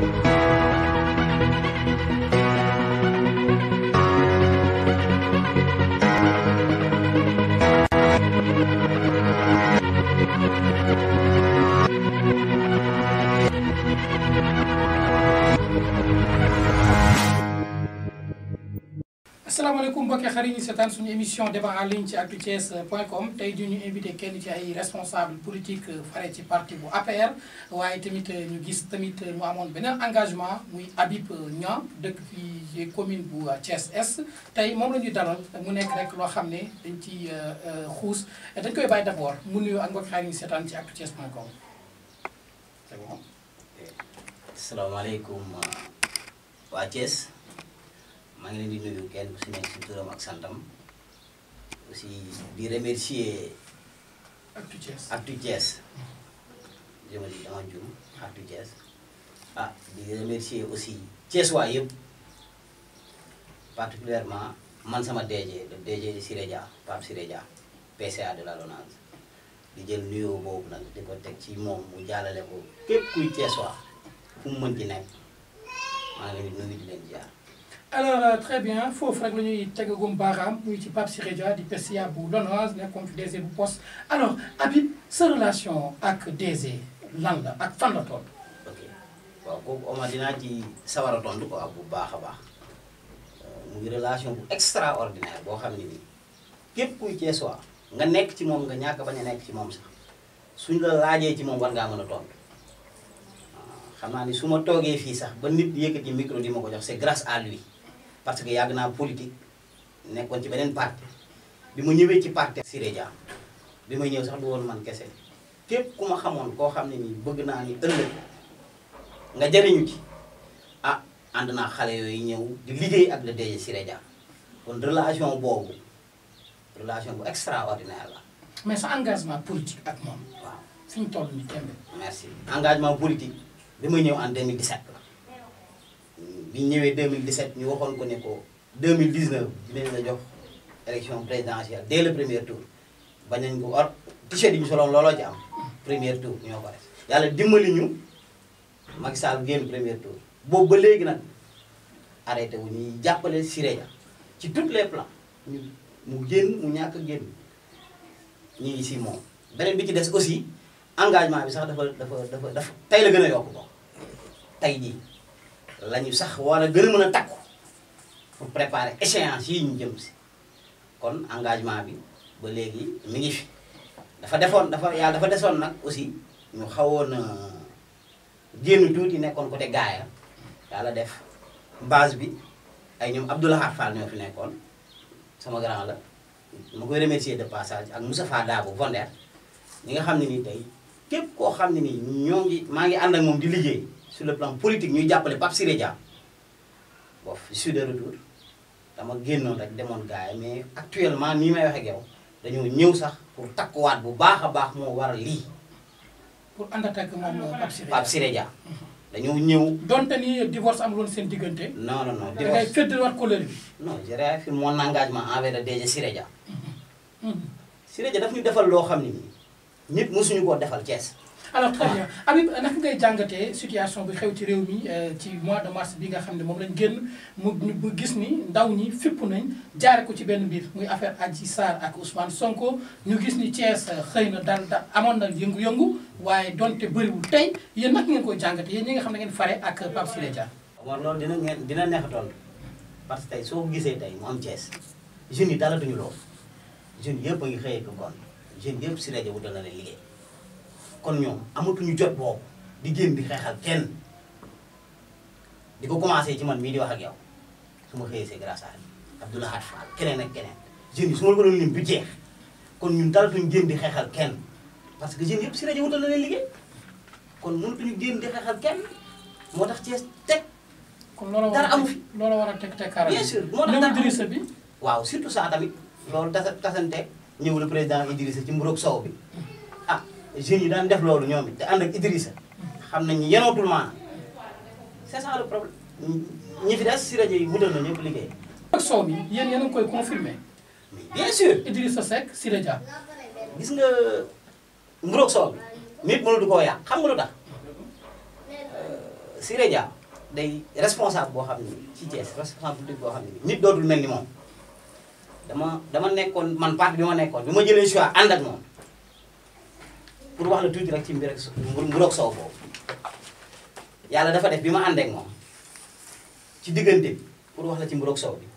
thank you asalaamaaleykum mbokki xarit ñu seetaan suñu émission débat en ligne ci actuthies.com tey di ñu invité kenn ci ay responsable politique fare ci parti bu APR waaye tamit ñu gis tamit mu amoon beneen engagement muy Habib Niang dëkk fi commune bu Thiès Est tey moom la ñu dalal mu nekk rek loo xam ne dañ ci euh, euh, xuus dañ koy bàyyi d'abord mu nuyu ak mbokki xarit ñu seetaan ci actuthies.com c'est bon. asalaamaaleykum euh, waa Thiès. maa ngi leen nuyu kenn si nekk si turam ak santam aussi di remercier. Actu Thiès Actu Thiès. jërëjëf dama jum Actu Thiès ah di remercier aussi Thiès waa yëpp particulièrement man sama DG le DG di Siré Dia Pape Siré PCA de la LONASE di jël nuyoo boobu nag di ko teg ci moom mu jàllale ko képp kuy Thiès waa fu mu mën ci nekk maa ngi leen di nuyu di leen jaar. alors euh, très bien foofu rek la ñuy tegagum baaraam muy ci Pape Siré Dia di PCA bu LONASE nekkoon fi DG bu poste alors Habib sa relation ak DG lan la ak fan la toll. ok waaw kooku Omar dinaa ci sawar a tontu ko ak bu baax a baax euh, mu ngi relation bu extraordinaire boo xam ne nii képp kuy ceesuwaa nga nekk ci moom nga ñàkk bañ a nekk ci moom sax suñ la laajee ci moom war ngaa mën a tontu. Euh, xam naa ni su ma toogee fii sax ba nit yëkkati micro di ma ko jox c'est grâce à lui. parce que yàgg naa politique nekkoon ci beneen parti bi ma ñëwee ci parti Siré Dia bi ma ñëw sax du woon man kese képp ku ma xamoon koo xam ne nii bëgg naa ni ëllëg nga jariñu ci ah ànd naa xale yooyu ñëw di liggéey ak le DG Siré Dia kon relation boobu relation bu extraordinaire la. mais sa engagement politique ak moom. waaw fi ñu toll nii tembe. merci engagement politique bi ma ñëw en 2017. bi ñëwee mille 2017 ñu waxoon ko ne ko 2019 dinañ na jox élection présidentielle dès le premier tour bañ nañ ko or t-shirt ñu soloon looloo ci am premier tour ñoo ko def yàlla dimbali ñu Macky Sall génn premier tour boobu ba léegi nag arrêté wu ñuy jàppale Siré ci tous le plans mu génn mu ñàkk génn ñu ngi si moom beneen bi ci des aussi engagement bi sax dafa dafa dafa dafa tey la gën a yokk ko tey jii lañu sax war a gën a mën a takku pour préparer échéance yi ñu jëm si kon engagement bi ba léegi mi ngi fi dafa defoon dafa yàlla dafa desoon nag aussi ñu xawoon génn tuuti nekkoon côté gaaya yàlla def base bi ay ñoom Abdoulaye Fall ñoo fi nekkoon sama grand la ma koy remercier de passage ak Moustapha Dabo Vonder ñi nga xam ne nii tey képp koo xam ne nii ñoo ngi maa ngi ànd ak moom di liggéey sur le plan politique ñuy jàppale Pape Siré Dia fi je suis dama génnoon rek demoon gars yi mais actuellement nii may waxee ak dañoo ñëw sax pour takkuwaat bu baax a baax moo waral lii. pour ànd attaque moom Pape Siré Dia dañoo ñëw. donte ni divorce amul woon seen diggante. non non non divorce da ngay féddaliwaat colère bi. non a réaffirme mon engagement envers le DG Siré mm-hmm. mm-hmm. Dia. daf ñu defal loo xam ni nii nit mësuñu koo defal Thiès. alors très bien Habib naka ngay jàngatee situation bi xew ci réew mi euh, ci mois de mars bi nga xam ne moom lañ génn mu mu gis ni ndaw ñi fipp nañ jaare ko ci benn mbir muy affaire Adji Sarr ak Ousmane Sonko ñu gis ni Thiès euh, xëy na daal da amoon na yëngu-yëngu waaye donte bëriwul tey yéen nag ngeen koy jàngatee yéen ñi nga xam ne ngeen fare ak Pape Siré Dia. waaw loolu dina ngeen dina neex tontu parce que tey soo gisee tey mu am Thiès jeunes yi dala duñu lool jeunes yëpp a ngi xëyee ko kon jeunes yëpp Siré Dia kon ñoom amatuñu jot boobu di génn di xeexal kenn di ko commencé ci man mii di wax ak yow su ma xëyee c'est grâce à Abdoulaye Fall keneen ak keneen jeunes yi su ma la ko doon lim du jeex kon ñun dalatuñu génn di xeexal kenn parce que jeunes yëpp si rajo wutal na leen liggéey kon mënatuñu génn di xeexal kenn moo tax Thiès teg. dara amu fi kon loolu war a teg teg carrément bien sûr moo tax Idrissa bi. waaw surtout ça tamit loolu tasa tasante ñëw la président Idrissa ci mburoog sow bi. jeunes yi daan def loolu ñoom it te ànd ak xam nañu yenootul maanaam c'est ça le problème ñi fi des si rajo yi wutal na ñëpp liggéey. ak soow yéen yéen a koy confirmé. bien sûr gis nga nguroog xam nga lu tax euh, Siré Dia boo xam ne ci Thiès responsable boo xam ne dootul mel ni dama dama nekkoon man parti bi ma nekkoon bi ma jëlee choix ànd moom. pour wax la tuuti rek ci mbir ak mbur ak yàlla dafa def bi ma àndeek moom ci diggante pour wax la ci mbur ak soow bi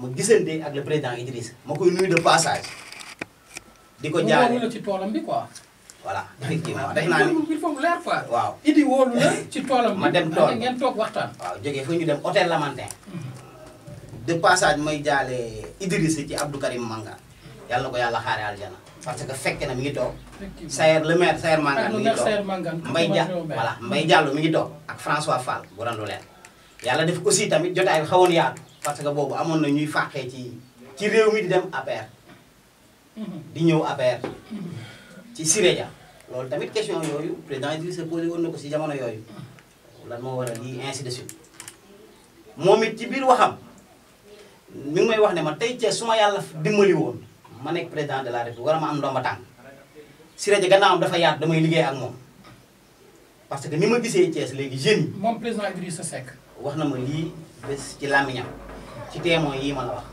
ma gisante ak le président Idriss ma koy nuyu de passage di ko jaaree la ci toolam bi quoi. voilà effectivement def la ci toolam ma dem tool ngeen toog waxtaan. waaw jógee fa ñu dem hôtel Lamantin mm-hmm. de passage may jaale Idriss ci Abdou Karim Manga yàlla ko yàlla xaaree aljana parce que fekke na mi ngi toog. Sayer le maire Sayer Mangane mi ngi toog Mbaye Dia voilà mi ngi doo ak François Fall bu randu leen yàlla def aussi tamit jotaay bi xawoon yaatu parce que boobu amoon na ñuy fàqee ci ci réew mi di dem APR mhm. di ñëw APR ci Sirédia loolu tamit question yooyu président Idrissa posé woon na ko si jamono yooyu lan moo waral lii ainsi de suite moom it ci biir waxam mi ngi may wax ne ma tey Thiès su ma yàlla dimbali woon ma nekk président de la république war a ma am ndomba tànk Siré Dia am dafa yaatu damay liggéey ak moom parce que ni ma gisee Thiès léegi jeunes yi. moom président Idrissa Seck. wax na ma lii bés ci làmmiñam ci témoin yii ma la wax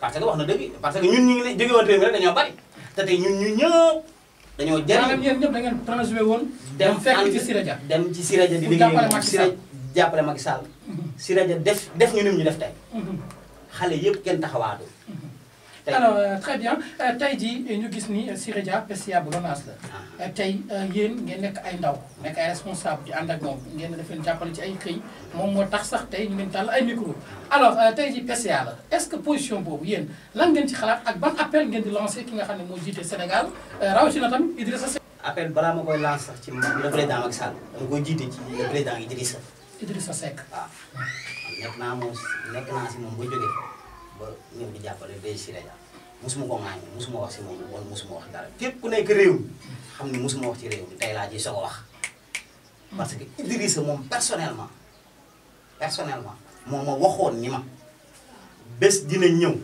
parce que wax na dëgg parce que ñun ñu ngi ne jóge woon réew mi rek dañoo bari te tey ñun ñu ñëpp dañoo jëriñ. maanaam yéen ñëpp da ngeen transhumé woon. dem fekk ci Siré Dia dem ci Siré Dia di liggéey moom Siré jàppale Macky Sall. Mm-hmm. Siré Dia def def ñu ni ñu def tey. Mm-hmm. xale yëpp kenn taxawaatu mm-hmm. alors euh, très bien euh, tey jii ñu gis ni euh, Siré Dia PCA bu LONASE la ah. tey yéen ngeen nekk ay ndaw nekk ay responsable di ànd ak moom ngeen def leen jàppale ci ay këy moom moo tax sax tey ñu leen tàll ay micro alors tey jii PCA la est-ce que position boobu yéen lan ngeen ci xalaat ak ban appel ngeen di lancé ki nga xam ne moo jiite Sénégal rawatina tamit Idrissa Seck. appel balaa ma koy lancé sax ci le président Macky saal dama koy jiite ci le président Idrissa. Idrissa Seck waaw. Ah. nekk naa moom si moom boo jógee. ba ñëw di jàppale day si rajo mosuma ko ŋaañ mosuma wax si moom wala mosuma wax dara képp ku nekk réew mi xam ni mosuma wax ci réew mi tey laa ji soog a wax. parce que Idrissa moom personnellement personnellement moo ma waxoon ni ma bés dinañ ñëw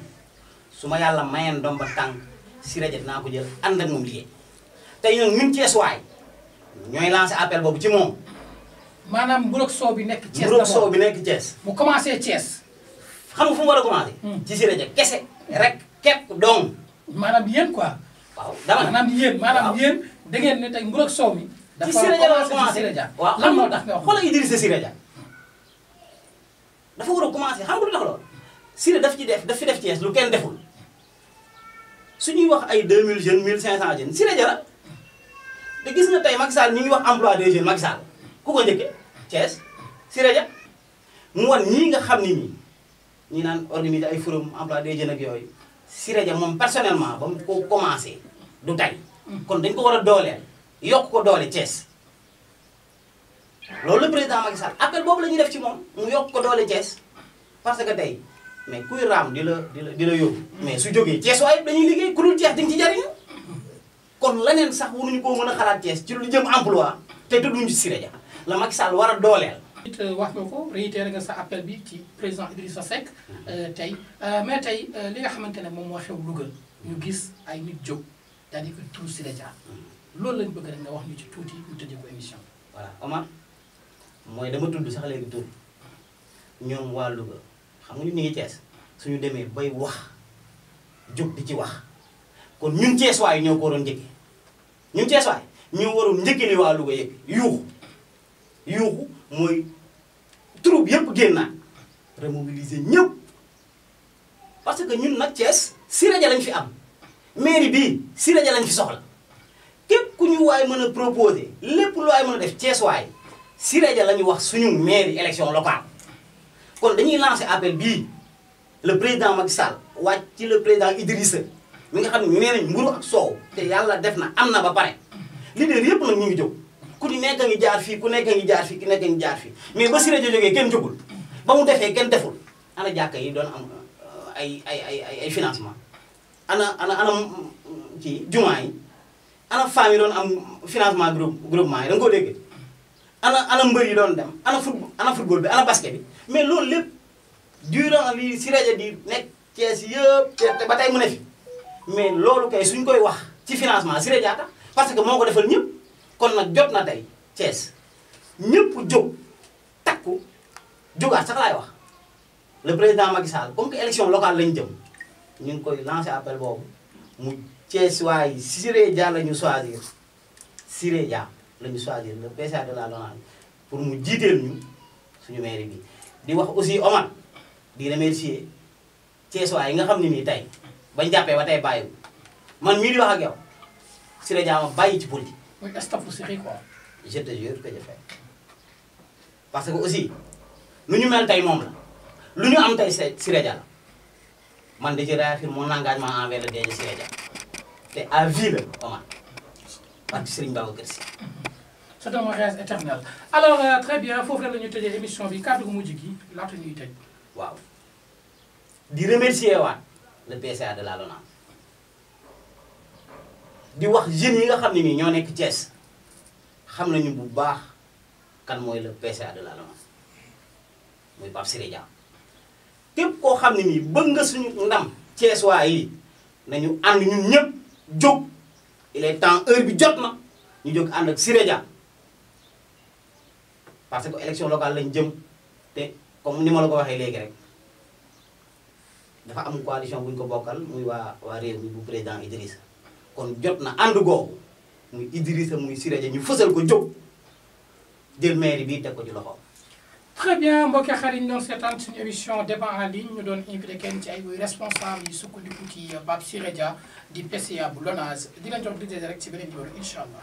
su ma yàlla mayeen domba tànk si rajo dinaa ko jël ànd ak moom liggéey tey ñun ñun Ceesuwaay ñooy lancé appel boobu ci moom. maanaam mburok soow bi nekk Thiès d'abord mburok soow bi nekk Thiès. mu commencé Thiès. xam nga fu mu war a commencé. Hmm. ci Siré Dia kese rek képp dong. maanaam yéen quoi. waaw dama ne maanaam yéen maanaam yéen da ngeen ne tey mburu ak soow mi. ci Siré Dia la commencé waaw lan moo tax wax xoolal Idrissa Siré Dia dafa ko a commencé xam nga lu tax loolu daf ci def daf def ci lu kenn deful su ñuy wax ay mille jeunes mille jeunes Siré Dia la te gis nga tey Macky Sall ñu ngi wax am emploi des jeunes Macky Sall ku ko njëkkee Thiès Siré Dia mu wan ñii nga xam ni mii ñi naan organiser ay forum emploi des jeunes ak yooyu Siré Dia moom personnellement ba mu ko commencé du tey kon dañ ko war a dooleel yokk ko doole Thiès loolu la président Macky Sall appel boobu la ñuy def ci moom mu yokk ko doole Thiès parce que tey mais kuy raam di la di la di la yóbbu mais su jógee Thiès waaye dañuy liggéey ku dul Thiès di nga ci jariñu kon leneen sax ñu koo mën a xalaat Thiès ci lu jëm emploi te tudduñu Siré Dia la Macky Sall war a dooleel it euh, wax nga ko réitéré nga sa appel bi ci président sa Seck euh, tey euh, mais tey li nga xamante ne moom moo xew Louga ñu gis ay nit jóg daal ko tuur si la jaar loolu lañ bëgg rek nga wax ñu ci tuuti ñu tëjee émission bi. voilà Omar mooy dama tudd sax léegi tur ñoom waa Louga xam nga ñu ngi Thiès suñu demee bay wax jóg di ci wax kon ñun Thiès waay ñoo ko waroon njëkkee ñun Thiès waay ñoo waroon njëkkee li waa Louga yuuxu. mooy troupe yëpp génnaat remobiliser ñëpp parce que ñun nag Thiès si Dia lañ fi am mairie bi si Dia lañ fi soxla képp ku ñu waay mën a proposer lépp lu waay mën a def Thiès waay Siré Dia wax suñu mairie élection locale kon dañuy lancer appel bi le président Macky Sall wàcc ci président Idrissa mi nga xam ne nee nañ mburu ak soow te yàlla def na am na ba pare leader yëpp nag ñu ngi jóg ku nekk a ngi jaar fii ku nekk a ngi jaar fii ku nekk a ngi ba si rajo jógee kenn jógul ba mu defee kenn deful ana jàkka yi doon am uh, ay ay ay ay financement ana ana ana ci mm, mm, jumaa yi ana femmes yi doon am financement groupe groupement yi da nga koo dégg ana ana mbër yi doon dem ana football ana football bi ana basket bi mais loolu lépp durant li si rajo di nekk Cees yëpp te ba tey mu ne fi mais loolu kay suñ koy wax ci financement si rajo tax parce que moo ko defal ñëpp. kon nag jot na tey Thiès ñëpp jóg takku jógaat sax laay wax le président Macky Sall comme que élection locale lañ jëm ñu ngi koy lancé appel boobu mu Thiès waaye Siré Dia la ñu choisir Siré Dia la ñu choisir le de la Lonase pour mu jiiteel ñu suñu mairie bi di wax aussi Omar di remercier Thiès waaye yi nga xam ni nii tey bañ jàppee ba tey bàyyiwu man mii di wax ak yow Siré Dia ma bàyyi ci politique mooy stafu Séex quoi. je te jure que je parce que aussi lu ñu mel tey moom la lu ñu am tey si Dia la man de je réaffirme mon engagement envers le DG Siré Dia te à vie la Omar parce que Serigne Babacar Sy. c'est un mariage éternel alors euh, très bien foofu la ñu tëjee émission bi kàddu gu mujj gi laata ñuy tëj. waaw di remercier waat le PCA de la LONASE. di wax jeunes yi nga xam ne mii ñoo nekk Thiès xam nañu bu baax kan mooy le PCA de la LONASE muy Pape Siré Dia képp koo xam ne nii bëgg nga suñu ndam Thiès waa yi nañu ànd ñun ñëpp jóg il est temps heure bi jot na ñu jóg ànd ak Siré Dia parce que élection locale lañ jëm te comme ni ma la ko waxee léegi rek dafa am coalition bu ko bokkal muy waa waa réew mi bu président Idrissa kon jot na ànd googu muy Idrissa muy Siré Dia ñu fësal ko jóg jël mairie bi teg ko ci loxo très bien mbokki xarit ñu doon seetaan suñu émission débat en ligne ñu doon invité kenn ci ay responsable yi sukkandiku ci Pape Siré Dia di PCA bu LONASE di leen jox di rek ci beneen numéro incha allah.